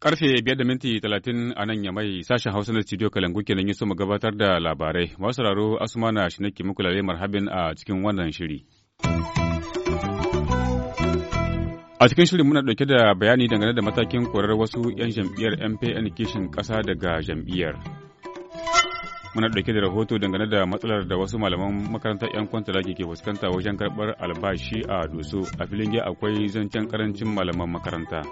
Karfe biyar da minti talatin a nan ya mai sashen Hausa na studio Kalangu kenan yi su mu gabatar da labarai. Masu raro Asmana shi nake muku lalle marhabin a cikin wannan shiri. A cikin shirin muna ɗauke da bayani dangane da matakin korar wasu 'yan jam'iyyar MPN kishin ƙasa daga jam'iyyar. muna dauke da rahoto dangane da matsalar da wasu malaman makarantar 'yan kwantaraki ke fuskanta wajen karɓar albashi a doso a filin ya akwai zancen karancin malaman makaranta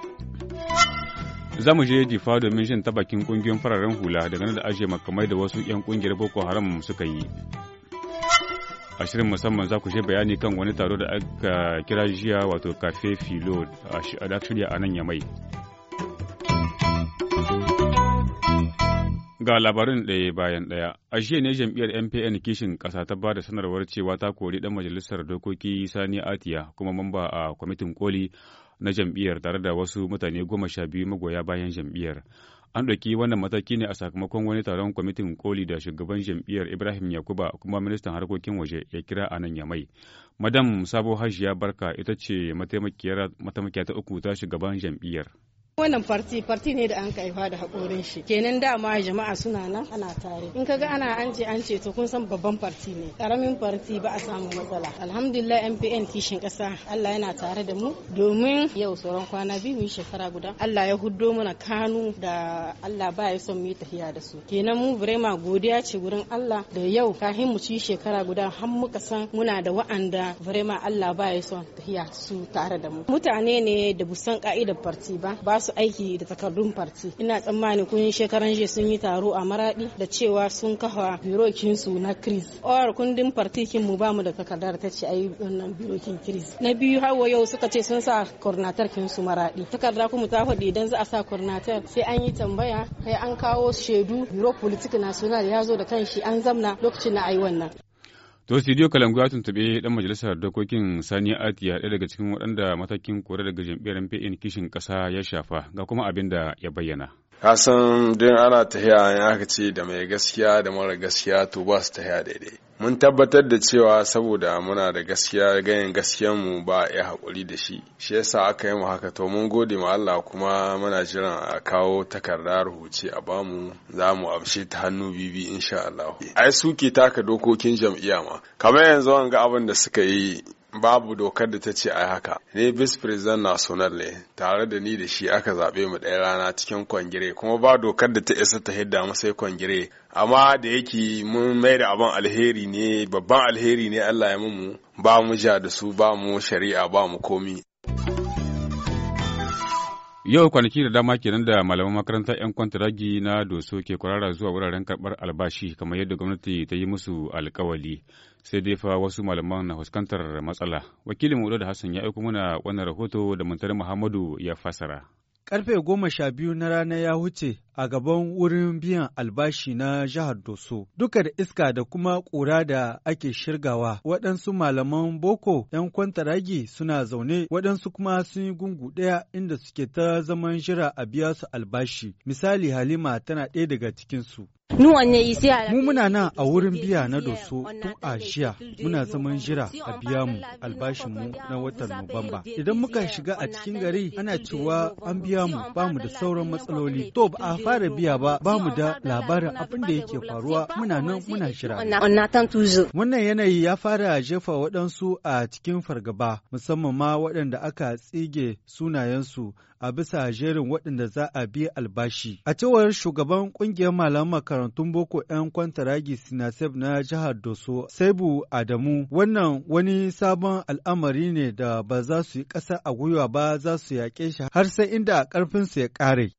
za mu je jifa domin shan tabakin kungiyoyin fararen hula dangane da ajiye makamai da wasu 'yan kungiyar boko haram suka yi a shirin musamman za ku shi bayani kan wani taro da aka kira jiya wato cafe filo a shirya a nan ya mai Ga labarin ɗaya bayan ɗaya, a jiya ne jam'iyyar MPN kishin ƙasa ta ba da sanarwar cewa ta kori ɗan majalisar dokoki Sani Atiya kuma mamba a kwamitin koli na jam'iyyar tare da wasu mutane goma sha biyu magoya bayan jam'iyyar. An ɗauki wannan mataki ne a sakamakon wani taron kwamitin koli da shugaban jam'iyyar Ibrahim Yakuba kuma ministan harkokin waje ya kira a nan ya mai Madam Sabo Hajiya Barka ita ce mataimakiya ta uku ta shugaban jam'iyyar. Wannan farti farti ne da an kaifa da haƙorin shi. Kenan dama jama'a suna nan ana tare. In ka ga ana an ce an ce to kun san babban farti ne. Karamin farti ba a samu matsala. Alhamdulillah MPN kishin ƙasa Allah yana tare da mu domin yau sauran kwana biyu mu shekara guda. Allah ya huddo mana kanu da Allah ba ya son mu yi tafiya da su. Kenan mu birema godiya ce gurin Allah da yau kafin mu ci shekara guda har muka san muna da wa'anda birema Allah ba ya son tafiya su tare da mu. Mutane ne da busan ka'idar farti ba ba masu aiki da takardun farce ina tsammani kun shekaran jiya sun yi taro a maradi da cewa sun kafa birokin su na kris or kundin farti kin mu bamu da takardar ta ce ayi wannan birokin kris na biyu hawa yau suka ce sun sa kornatar kin su maradi takarda kuma ta faɗi idan za a sa kornatar sai an yi tambaya kai an kawo shaidu biro politik national ya zo da kanshi an zamna lokacin na ayi wannan To studio Kalangu ya tuntube dan majalisar dokokin Sani Atiya ɗaya daga cikin waɗanda matakin kore daga jam'iyyar MPN kishin ƙasa ya shafa ga kuma abin da ya bayyana. kasan don ana tahiya in aka ce da mai gaskiya da mara gaskiya to ba su tahiya daidai mun tabbatar da cewa saboda muna da gaskiya ganin gaskiyan mu ba ya haƙuri da shi shi yasa aka yi mu haka to mun gode ma Allah kuma muna jiran a kawo takarda rubuce a bamu za mu amshe ta hannu bibi insha Allah ai suke taka dokokin jam'iyya ma kamar yanzu an ga abin da suka yi babu dokar da ta ce ai haka ne vice president national ne tare da ni da shi aka zaɓe mu ɗaya rana cikin kwangire kuma ba dokar da ta isa ta hidda mu sai kwangire amma da yake mun mai da abin alheri ne babban alheri ne Allah ya mu ba mu ja da su ba mu shari'a ba mu komi Yau kwanaki da dama kenan da malaman makaranta 'yan kwantaragi na doso ke kwarara zuwa wuraren karɓar albashi kamar yadda gwamnati ta yi musu alkawali. Sai dai fa wasu malaman na fuskantar matsala. Wakilin mu da Hassan ya aiko mana wannan rahoto da Muntari Muhammadu ya fasara. Karfe goma sha biyu na rana ya wuce a gaban wurin biyan albashi na jihar Doso. Duka da iska da kuma ƙura da ake shirgawa, waɗansu malaman boko 'yan kwantaragi suna zaune, waɗansu kuma sun yi gungu ɗaya inda suke ta zaman jira a biya su albashi. Misali Halima tana ɗaya daga cikinsu. Mu muna nan a wurin biya na doso tun a jiya muna zaman jira a biya mu albashinmu na watan Nuwamba. Idan muka shiga a cikin gari ana cewa an biya mu ba mu da sauran matsaloli. To ba a fara biya ba ba mu da labarin abin da yake faruwa muna nan muna shira. Wannan yanayi ya fara jefa waɗansu a cikin fargaba musamman ma waɗanda aka tsige sunayensu a bisa jerin waɗanda za a biya albashi. A cewar shugaban ƙungiyar malaman makarantun boko 'yan kwantaragi Sinasef na jihar Doso, Saibu Adamu, wannan wani sabon al'amari ne da ba za su yi ƙasa a gwiwa ba za su yaƙe shi har sai inda su ya ƙare.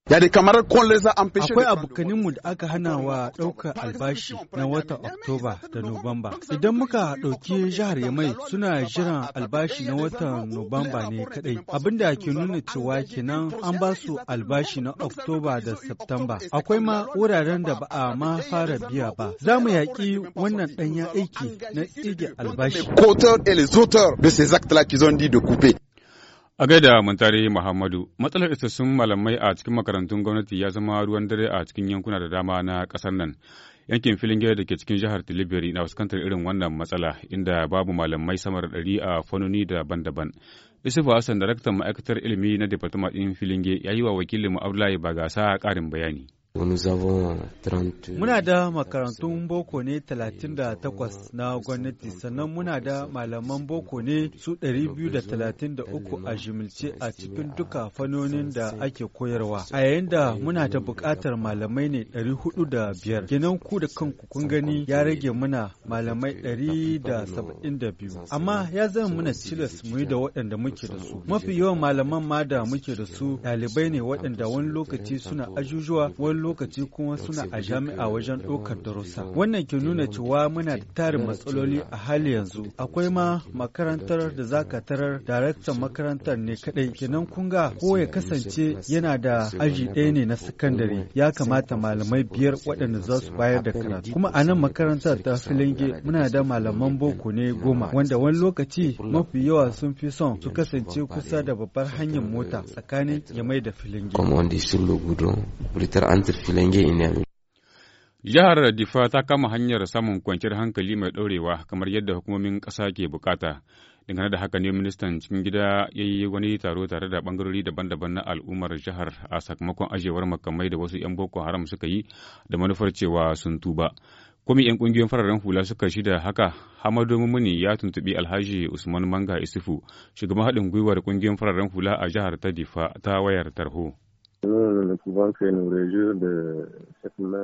Akwai mu da aka hana wa ɗaukar albashi na watan Oktoba da Nuwamba. Idan muka ɗauki jihar Yamai suna jiran albashi na watan Nuwamba ne kaɗai, abinda ke nuna cewa kenan nan an ba su albashi na Oktoba da Septamba. Akwai ma wuraren da ba a ma fara biya ba. Za mu yaƙi wannan ɗanya aiki na tsige albashi. A gaida Muntari Muhammadu, matsalar isassun malamai a cikin makarantun gwamnati ya zama ruwan dare a cikin yankuna da dama na ƙasar nan. Yankin filin gida da ke cikin jihar Tilibiri na fuskantar irin wannan matsala inda babu malamai samar da ɗari a fanoni daban-daban. Yusufu Hassan daraktan ma'aikatar ilimi na Departement ɗin Filinge ya yi wa wakilinmu Abdullahi Bagasa ƙarin bayani. Muna da makarantun boko ne 38 na gwamnati sannan muna da malaman boko ne su 233 a jimilce a cikin duka fanonin da ake koyarwa. A yayin da muna da bukatar malamai ne 405. Kenan ku da kanku kun gani ya rage muna malamai 172. Amma ya zama muna tilas mu yi da waɗanda muke da su. Mafi yawan malaman ma da muke da su ɗalibai ne waɗanda wani lokaci suna ajujuwa wani lokaci kuma suna a jami'a wajen ɗaukar darussa. Wannan ke nuna cewa muna da tarin matsaloli a hali yanzu. Akwai ma makarantar da za ka tarar daraktan makarantar ne kaɗai. Kenan kun ga ko ya kasance yana da aji ɗaya ne na sakandare ya kamata malamai biyar waɗanda za su bayar da karatu. Kuma a nan makarantar ta filinge muna da malaman boko ne goma wanda wani lokaci mafi yawa sun fi son su kasance kusa da babbar hanyar mota tsakanin ya yamai da filinge. Jihar Difa ta kama hanyar samun kwanciyar hankali mai ɗorewa kamar yadda hukumomin ƙasa ke bukata. Dangane da haka ne ministan cikin gida ya yi wani taro tare da bangarori daban-daban na al'ummar jihar a sakamakon ajewar makamai da wasu 'yan Boko Haram suka yi da manufar cewa sun tuba. Komi 'yan ƙungiyoyin fararen hula suka shida haka, Hamadu Mumuni ya tuntuɓi Alhaji Usman Manga Isufu, shugaban haɗin gwiwar ƙungiyoyin fararen hula a jihar ta Difa ta wayar tarho.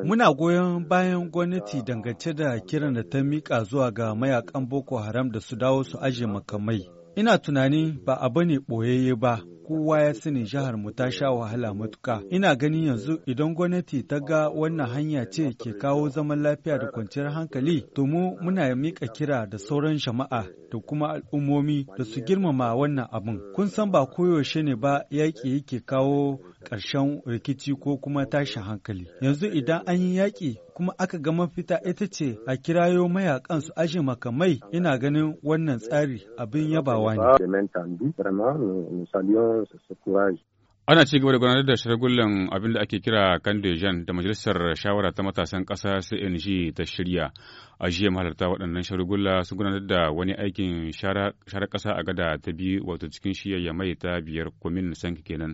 Muna goyon bayan gwamnati dangance da kiran da ta miƙa zuwa ga mayakan Boko Haram da su dawo su ajiye makamai. Ina tunani ba abu ne ɓoyayye ba, kowa ya sani jihar mu ta sha wahala matuka. Ina ganin yanzu idan gwamnati ta ga wannan hanya ce ke kawo zaman lafiya da kwanciyar hankali, to mu muna mika kira da sauran jama'a da kuma al'ummomi da su girmama wannan abin. Kun san ba koyaushe ne ba yaƙi yake kawo ƙarshen rikici ko kuma tashin hankali. Yanzu idan an yi yaƙi kuma aka ga mafita ita ce a kirayo mayakan su aje makamai ina ganin wannan tsari abin yabawa ne. Ana ci gaba da gudanar da shirgullen abin da ake kira Kandejan da Majalisar Shawara ta Matasan Ƙasa CNG ta shirya. A jiya mahalarta waɗannan shirgulla sun gudanar da wani aikin share ƙasa a gada ta biyu wato cikin shiyayya mai ta biyar kwamin sanki kenan.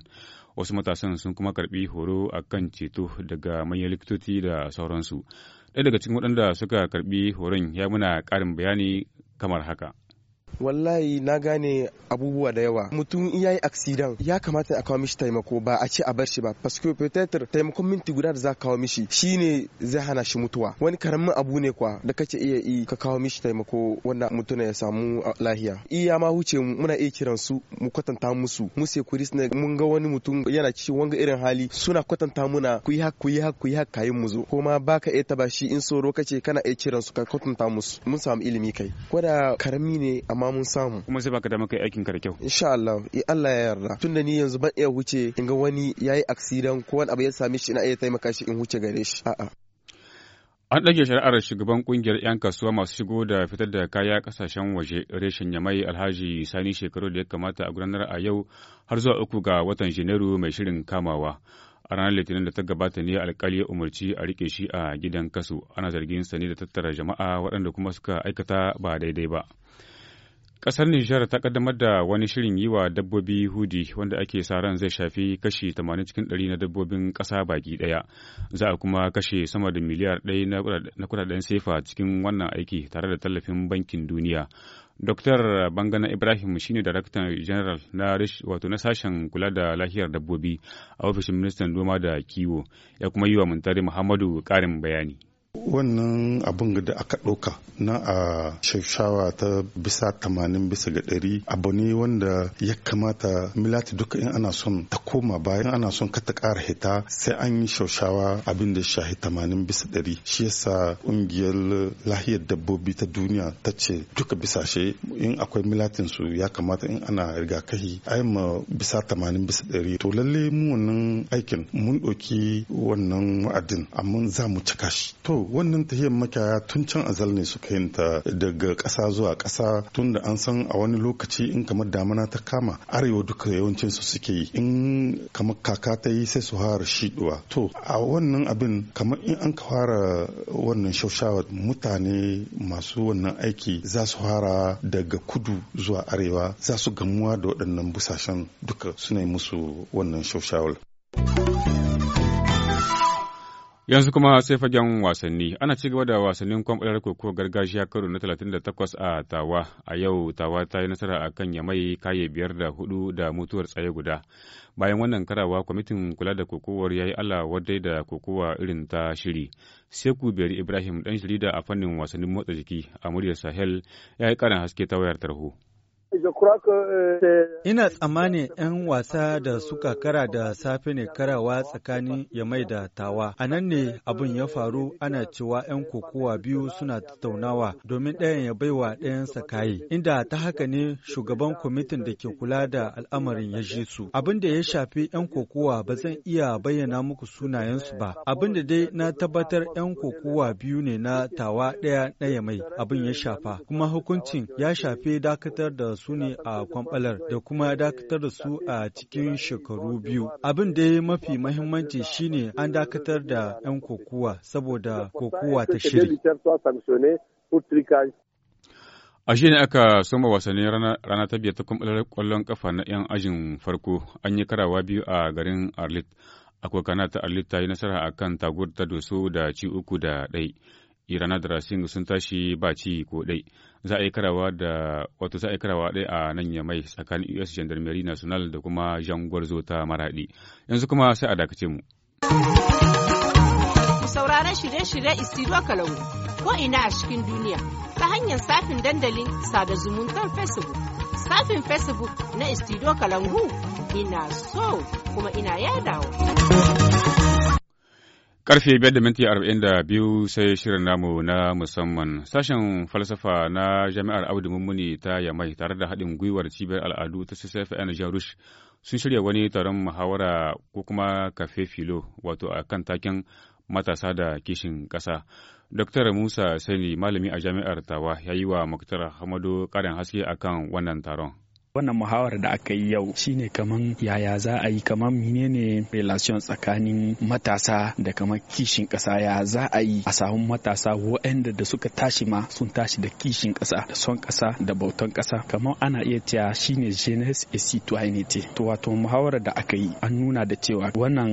Wasu matasan sun kuma karɓi horo a kan ceto daga manyan likitoci da sauransu. Ɗaya daga cikin waɗanda suka karɓi horon ya muna ƙarin bayani kamar haka. wallahi na gane abubuwa da yawa mutum ya yi aksidan ya kamata a kawo mishi taimako ba a ce a bar shi ba paske fetetar taimakon minti guda da za ka kawo mishi shine zai hana shi mutuwa wani karamin abu ne kwa da kake iya yi ka kawo mishi taimako wanda mutum ya samu lahiya iya ma huce muna iya kiran su mu kwatanta musu mu sai kuris ne mun ga wani mutum yana ci wanga irin hali suna kwatanta muna ku yi hak ku yi hak ku yi hak kayin mu zo kuma baka iya taba shi in soro kace kana iya kiran su ka kwatanta musu mun samu ilimi kai ko da karami ne amma ma mun samu kuma sai baka da maka aikin ka da kyau insha Allah in eh, Allah ya yarda tunda ni yanzu ban iya wuce in ga wani yayi accident ko wani abu ya same shi ina iya taimaka shi in huce gare shi a'a An ɗage shari'ar shugaban ƙungiyar 'yan kasuwa masu shigo da fitar da kaya ƙasashen waje reshen yamai alhaji sani shekaru da ya kamata a gudanar a yau har zuwa uku ga watan janairu mai shirin kamawa. A ranar litinin da ta gabata ne alkali ya umarci a rike shi a gidan kasu ana zargin sani da tattara jama'a waɗanda kuma suka aikata ba daidai ba. Ƙasar Nijar ta kaddamar da wani shirin yi wa dabbobi hudi wanda ake sa ran zai shafi kashi 80 cikin 100 na dabbobin ƙasa baki ɗaya. Za a kuma kashe sama da miliyar ɗaya na kudaden sefa cikin wannan aiki tare da tallafin bankin duniya. Dr. Bangana Ibrahim shine Daraktan General na wato na sashen kula da lahiyar dabbobi a ofishin ministan noma da kiwo ya kuma yi wa Muntari Muhammadu ƙarin bayani. wannan abin da aka ɗauka na a shawa ta bisa tamanin bisa ga ɗari abu ne wanda ya kamata milati duka in ana son ta koma bayan ana son ka ta ƙara hita sai an yi shaushawa abin da shahi tamanin bisa ɗari shi yasa ƙungiyar lahiyar dabbobi ta duniya ta ce duka bisashe in akwai milatin su ya kamata in ana a ai ma bisa tamanin bisa ɗari to lalle mu wannan aikin mun ɗauki wannan wa'adin amma za mu cika shi to to wannan tahiyar makiyaya tun can azal ne suka yin ta daga ƙasa zuwa ƙasa tun da an san a wani lokaci in kamar damana ta kama arewa duka yawancin su suke yi in kamar kaka ta yi sai su fara shiɗuwa to a wannan abin kamar in an ka fara wannan shaushawa mutane masu wannan aiki za su fara daga kudu zuwa arewa za su gamuwa da waɗannan busashen duka suna yi musu wannan shaushawar. Yanzu kuma sai fagen wasanni. Ana ci gaba da wasannin kwamfular koko gargajiya karo na 38 a Tawa. A yau Tawa ta yi nasara a kan Yamai kaye biyar da hudu da mutuwar tsaye guda. Bayan wannan karawa kwamitin kula da kokowar ya yi Allah wadai da kokowa irin ta shiri. Seku Beri Ibrahim dan jarida a fannin wasannin motsa jiki a muryar Sahel ya yi karin haske ta wayar tarho. Ina tsammanin 'yan wasa da suka kara da safe ne karawa tsakanin Yamai da Tawa. A nan ne abin ya faru ana cewa 'yan kokowa biyu suna tattaunawa domin ɗayan ya baiwa ɗayansa kayi. Inda ta haka ne shugaban kwamitin da ke kula da al'amarin ya ji su. Abin da ya shafi 'yan kokowa ba zan iya bayyana muku sunayensu ba. Abin da dai na tabbatar 'yan kokowa biyu ne na Tawa ɗaya na Yamai abin ya shafa. Kuma hukuncin ya shafi dakatar da su su ne a kwamfalar da kuma dakatar da su a cikin shekaru biyu. Abin da ya mafi mahimmanci shine an dakatar da 'yan kokuwa saboda kokuwa ta shiri. A shi ne aka soma wasannin rana ta biyar ta kwamfalar kwallon kafa na 'yan ajin farko an yi karawa biyu a garin Arlit. Akwai ta Arlit ta yi nasara a kan tagur ta doso da ci uku da ɗai. Irana da rasing sun tashi ba ci ko ɗai. za a yi karawa da wato za a yi karawa ɗaya a nan ya mai tsakanin US Gendarmerie National da kuma Jean Gwarzo ta maraɗi Yanzu kuma sai a dakace mu. Sauraron shirye-shirye Isiro Kalau ko ina a cikin duniya ta hanyar safin dandalin sada zumuntar Facebook. Safin Facebook na Isiro Kalangu ina so kuma ina yadawa. Karfe biyar da minti arba'in da biyu sai shirin namu na musamman. Sashen falsafa na Jami'ar Audu Mummuni ta Yamai tare da haɗin gwiwar cibiyar al'adu ta CCFN Jarush sun shirya wani taron muhawara ko kuma kafe filo wato a kan taken matasa da kishin ƙasa. Dr. Musa Sani malami a Jami'ar Tawa ya yi wa Muktar Hamadu ƙarin haske akan wannan taron. wannan muhawar da aka yi yau shine kaman yaya za a yi kaman menene relation tsakanin matasa da kaman kishin kasa ya za a yi a samu matasa waɗanda da suka tashi ma sun tashi da kishin kasa da son kasa da bautan kasa kaman ana iya cewa shine jeunesse et citoyenneté to wato muhawarar da aka yi an nuna da cewa wannan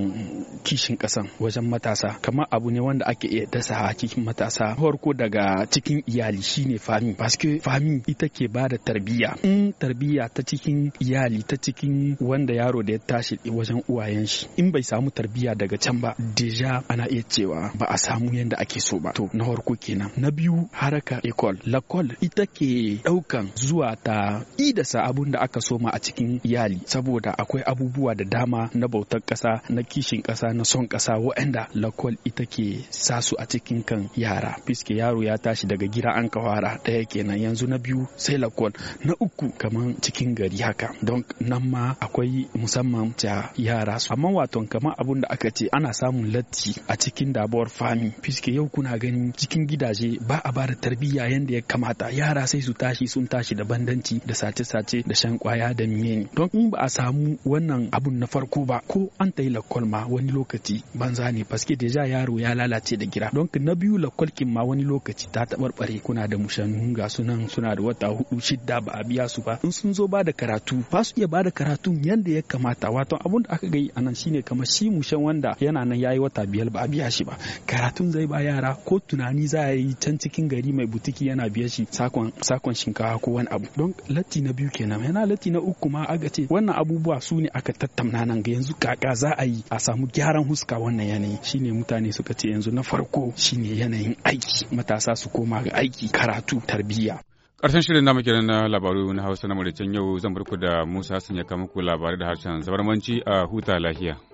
kishin kasan wajen matasa kaman abu ne wanda ake iya dasa a cikin matasa farko daga cikin iyali shine fami paske fami ita ke ba da tarbiyya in tarbiyya ta cikin iyali ta cikin wanda yaro da ya tashi wajen uwayen shi in bai samu tarbiyya daga can ba deja ana iya cewa ba a samu yadda ake so ba to na farko kenan na biyu haraka ecole lakol ita ke daukan zuwa ta idasa abun da aka soma a cikin iyali saboda akwai abubuwa da dama na bautar kasa na kishin kasa na son kasa waɗanda lakol ita ke sa su a cikin kan yara fiske yaro ya tashi daga gida an kawara ɗaya kenan yanzu na biyu sai lakol na uku kamar cikin gari haka don nan ma akwai musamman ta yara su amma waton kamar abun da aka ce ana samun latti a cikin dabuwar fami fiske yau kuna gani cikin gidaje ba a bada tarbiyya yanda ya kamata yara sai su tashi sun tashi da bandanci da sace-sace da shan kwaya da miye don in ba a samu wannan abun na farko ba ko an ta yi lakwal ma wani lokaci banza ne paske deja yaro ya lalace da gira don na biyu lakwalkin ma wani lokaci ta taɓarɓare kuna da mushannu ga sunan suna da wata hudu shidda ba a biya su ba in sun zo zo ba da karatu ba su iya ba da karatu yadda ya kamata wato abun da aka gani anan shine kamar shi mushen wanda yana nan yayi wata biyar ba a biya shi ba karatun zai ba yara ko tunani za yi can cikin gari mai butiki yana biya shi sakon sakon shinkawa ko wani abu don latti na biyu kenan yana latti na uku ma aka ce wannan abubuwa su ne aka tattauna nan ga yanzu kaka za a yi a samu gyaran huska wannan yanayi shine mutane suka ce yanzu na farko shine yanayin aiki matasa su koma ga aiki karatu tarbiyya karshen shirin namu kenan na labaru na Hausa na Mauritania yau zan barku da Musa Hassan ya kama muku labarai da harshen zabarmanci a huta lahiya.